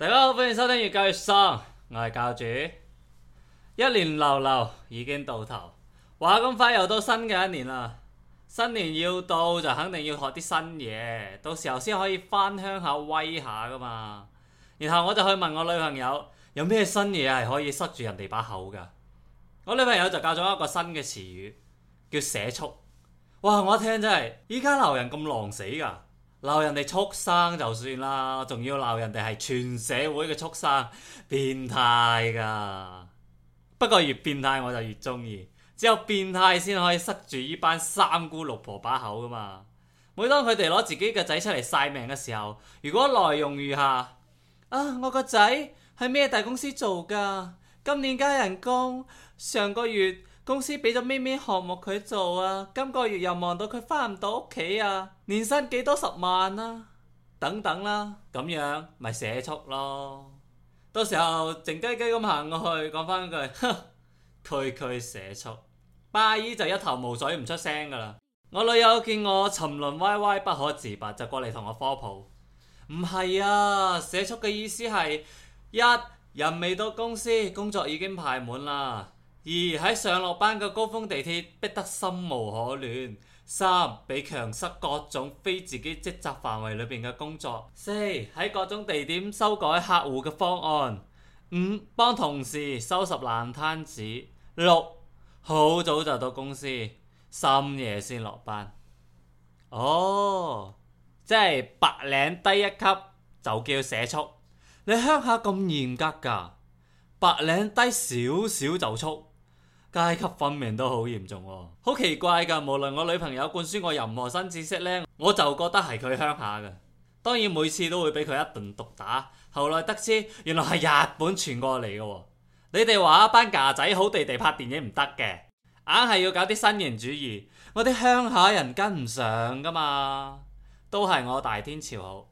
大家好，歡迎收聽《粵教粵喪》。我係教主。一年流流已經到頭，話咁快又到新嘅一年啦。新年要到就肯定要學啲新嘢，到時候先可以返鄉下威下噶嘛。然後我就去問我女朋友，有咩新嘢係可以塞住人哋把口噶。我女朋友就教咗一個新嘅詞語，叫社畜。哇，我一聽真係，依家流人咁狼死噶。鬧人哋畜生就算啦，仲要鬧人哋係全社會嘅畜生，變態噶。不過越變態我就越中意，只有變態先可以塞住呢班三姑六婆把口噶嘛。每當佢哋攞自己嘅仔出嚟晒命嘅時候，如果內容如下：啊，我個仔喺咩大公司做噶，今年加人工，上個月。公司俾咗咩咩項目佢做啊，今個月又忙到佢翻唔到屋企啊，年薪幾多十萬啊？等等啦，咁樣咪社畜咯，到時候靜雞雞咁行過去，講翻句：「哼，佢佢社畜。」巴姨就一頭霧水，唔出聲噶啦。我女友見我沉淪歪歪不可自拔，就過嚟同我科普。唔係啊，社畜嘅意思係，一人未到公司，工作已經排滿啦。二、喺上落班嘅高峰，地鐵，逼得心無可戀；三被強塞各種非自己職責範圍裏邊嘅工作；四喺各種地點修改客戶嘅方案；五幫同事收拾爛攤子；六好早就到公司，深夜先落班。哦，即係白領低一級就叫社畜，你鄉下咁嚴格㗎，白領低少少就畜。階級分明都好嚴重喎，哦，好奇怪噶！無論我女朋友灌輸我任何新知識呢，我就覺得係佢鄉下嘅。當然每次都會俾佢一頓毒打。後來得知原來係日本傳過嚟嘅。你哋話一班架仔好地地拍電影唔得嘅，硬係要搞啲新型主義，我啲鄉下人跟唔上噶嘛？都係我大天朝好，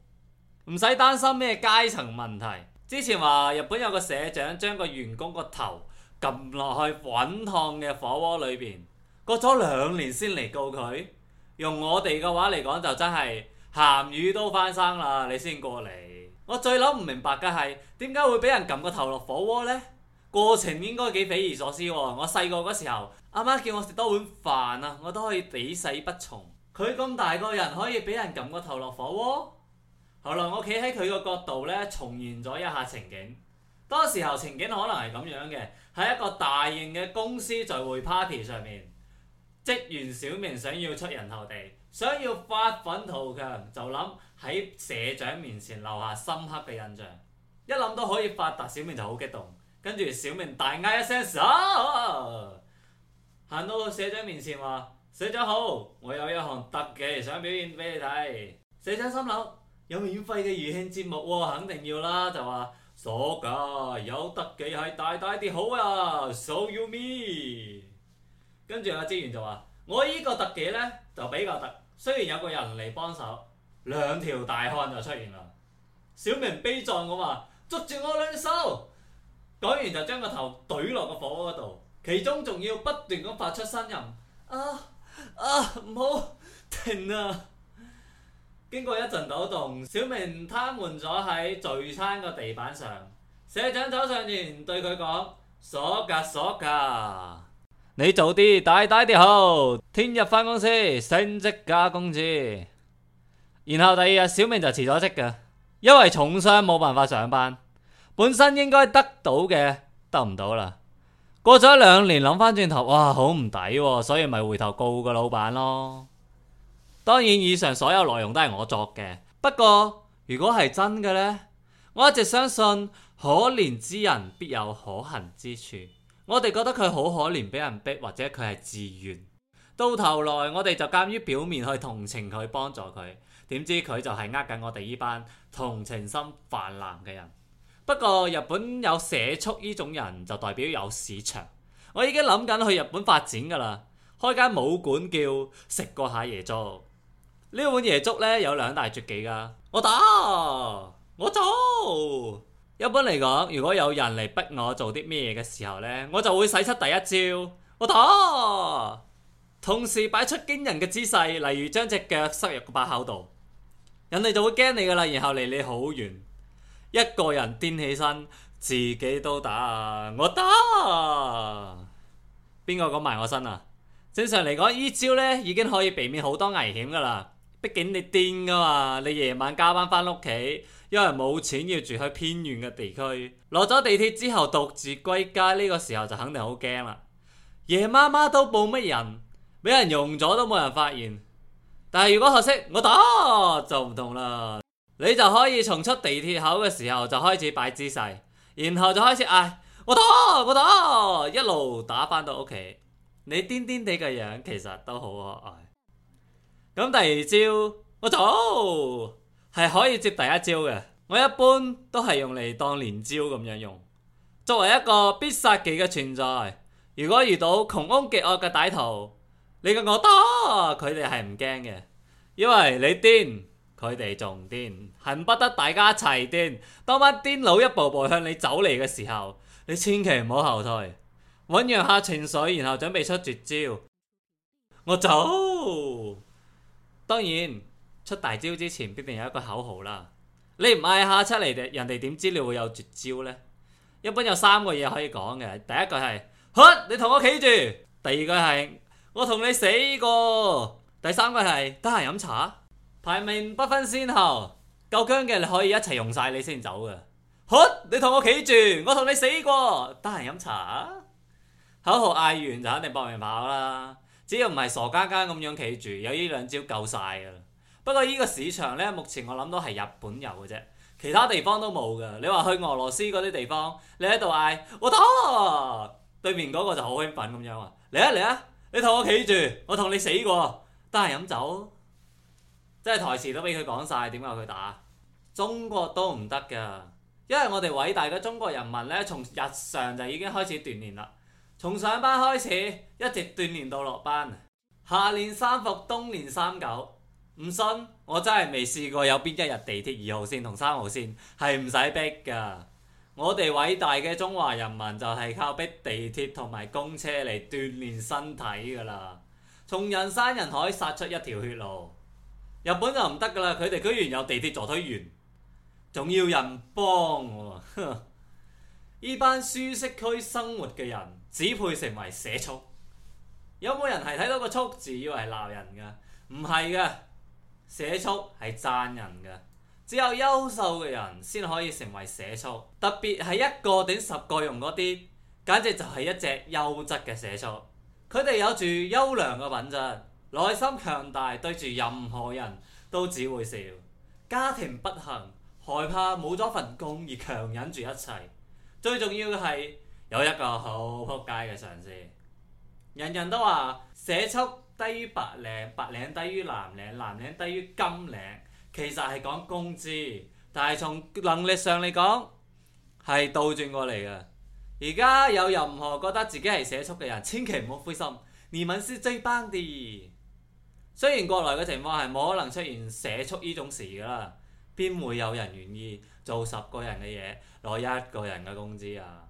唔使擔心咩階層問題。之前話日本有個社長將個員工個頭撳落去滾燙嘅火鍋裏邊，過咗兩年先嚟告佢。用我哋嘅話嚟講，就真係鹹魚都翻生啦！你先過嚟。我最諗唔明白嘅係點解會俾人撳個頭落火鍋呢？過程應該幾匪夷所思喎。我細個嗰時候，阿媽叫我食多碗飯啊，我都可以抵死不從。佢咁大個人可以俾人撳個頭落火鍋。後來我企喺佢個角度呢，重現咗一下情景。當時候情景可能係咁樣嘅。喺一個大型嘅公司，聚會 party 上面，職員小明想要出人頭地，想要發奮圖強，就諗喺社長面前留下深刻嘅印象。一諗到可以發達，小明就好激動，跟住小明大嗌一聲：啊，行到個社長面前話，社長好，我有一項特技想表演俾你睇。社長心諗有免費嘅娛樂節目喎，哦，肯定要啦，就話。傻噶、啊，有特技係大大啲好啊，so you me。跟住阿職員就話：我依個特技呢，就比較特，雖然有個人嚟幫手，兩條大漢就出現啦。小明悲壯咁話：捉住我兩隻手。講完就將個頭懟落個火鍋度，其中仲要不斷咁發出呻吟，啊啊唔好停啊！經過一陣抖動，小明癱瘓咗喺聚餐個地板上。社長走上前對佢講：鎖噶鎖噶，你早啲大大啲好，聽日翻公司升職加工資。然後第二日，小明就辭咗職嘅，因為重傷冇辦法上班，本身應該得到嘅得唔到啦。過咗兩年諗翻轉頭，哇，好唔抵，所以咪回頭告個老闆咯。當然，以上所有內容都係我作嘅。不過，如果係真嘅呢，我一直相信可憐之人必有可恨之處。我哋覺得佢好可憐，俾人逼或者佢係自願。到頭來，我哋就鑑於表面去同情佢幫助佢，點知佢就係呃緊我哋呢班同情心泛濫嘅人。不過，日本有社畜呢種人就代表有市場。我已經諗緊去日本發展㗎啦，開間武館叫食過下嘢做。呢碗椰粥咧有兩大絕技噶，我打我做。一般嚟講，如果有人嚟逼我做啲咩嘢嘅時候呢，我就會使出第一招，我打。同時擺出驚人嘅姿勢，例如將隻腳塞入個把口度，人哋就會驚你噶啦，然後離你好遠。一個人癲起身，自己都打，我打。邊個講埋我身啊？正常嚟講，呢招呢已經可以避免好多危險噶啦。畢竟你癲噶嘛，你夜晚加班翻屋企，因為冇錢要住喺偏遠嘅地區，落咗地鐵之後獨自歸家，呢個時候就肯定好驚啦。夜媽媽都冇乜人，俾人用咗都冇人發現。但係如果學識我打就唔同啦，你就可以從出地鐵口嘅時候就開始擺姿勢，然後就開始嗌我打我打，一路打翻到屋企，你癲癲地嘅樣其實都好可愛。咁第二招，我走，係可以接第一招嘅。我一般都係用嚟當連招咁樣用。作為一個必殺技嘅存在，如果遇到窮凶極惡嘅歹徒，你嘅我多佢哋係唔驚嘅，因為你癲，佢哋仲癲，恨不得大家一齊癲。當班癲佬一步步向你走嚟嘅時候，你千祈唔好後退，醞釀下情緒，然後準備出絕招，我走。當然出大招之前必定有一個口號啦，你唔嗌下出嚟，人哋點知你會有絕招呢？一般有三個嘢可以講嘅，第一個係：呵，你同我企住；第二個係：我同你死過；第三個係：得閒飲茶。排名不分先後，夠薑嘅你可以一齊用晒你先走嘅。呵，你同我企住，我同你死過，得閒飲茶。口號嗌完就肯定搏命跑啦。只要唔係傻更更咁樣企住，有呢兩招夠晒噶啦。不過依個市場咧，目前我諗都係日本有嘅啫，其他地方都冇㗎。你話去俄羅斯嗰啲地方，你喺度嗌我打，對面嗰個就好興奮咁樣啊。嚟啊嚟啊，你同我企住，我同你死過，得閒飲酒，即係台詞都俾佢講晒，點解佢打？中國都唔得㗎，因為我哋偉大嘅中國人民呢，從日常就已經開始鍛鍊啦。從上班開始一直鍛鍊到落班，夏練三伏冬練三九，唔信我真係未試過有邊一日地鐵二號線同三號線係唔使逼噶。我哋偉大嘅中華人民就係靠逼地鐵同埋公車嚟鍛鍊身體噶啦，從人山人海殺出一條血路。日本就唔得噶啦，佢哋居然有地鐵助推員，仲要人幫。呢班舒適區生活嘅人。只配成為社畜。有冇人係睇到個畜字以為係鬧人㗎？唔係嘅，社畜係讚人㗎。只有優秀嘅人先可以成為社畜，特別係一個頂十個用嗰啲，簡直就係一隻優質嘅社畜。佢哋有住優良嘅品質，內心強大，對住任何人都只會笑。家庭不幸，害怕冇咗份工而強忍住一切。最重要嘅係，有一個好撲街嘅上司，人人都話社畜低於白領，白領低於藍領，藍領低於金領。其實係講工資，但係從能力上嚟講係倒轉過嚟嘅。而家有任何覺得自己係社畜嘅人，千祈唔好灰心，你哋係最棒嘅。雖然國內嘅情況係冇可能出現社畜呢種事噶啦，邊會有人願意做十個人嘅嘢攞一個人嘅工資啊？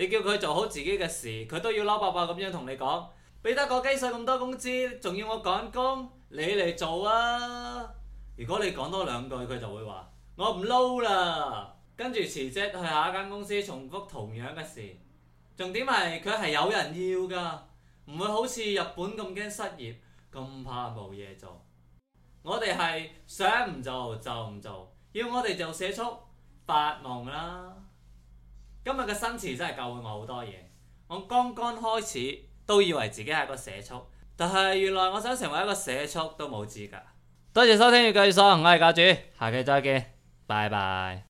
你叫佢做好自己嘅事，佢都要嬲爆爆咁樣同你講，俾得個雞碎咁多工資，仲要我趕工，你嚟做啊！如果你講多兩句，佢就會話：我唔撈啦，跟住辭職去下間公司重複同樣嘅事。重點係佢係有人要㗎，唔會好似日本咁驚失業，咁怕冇嘢做。我哋係想唔做就唔做，要我哋就社畜發夢啦。今日嘅新詞真係教會我好多嘢，我剛剛開始都以為自己係一個社畜，但係原來我想成為一個社畜都冇資格。多謝收聽《粵教粵喪》，我係教主，下期再見，拜拜。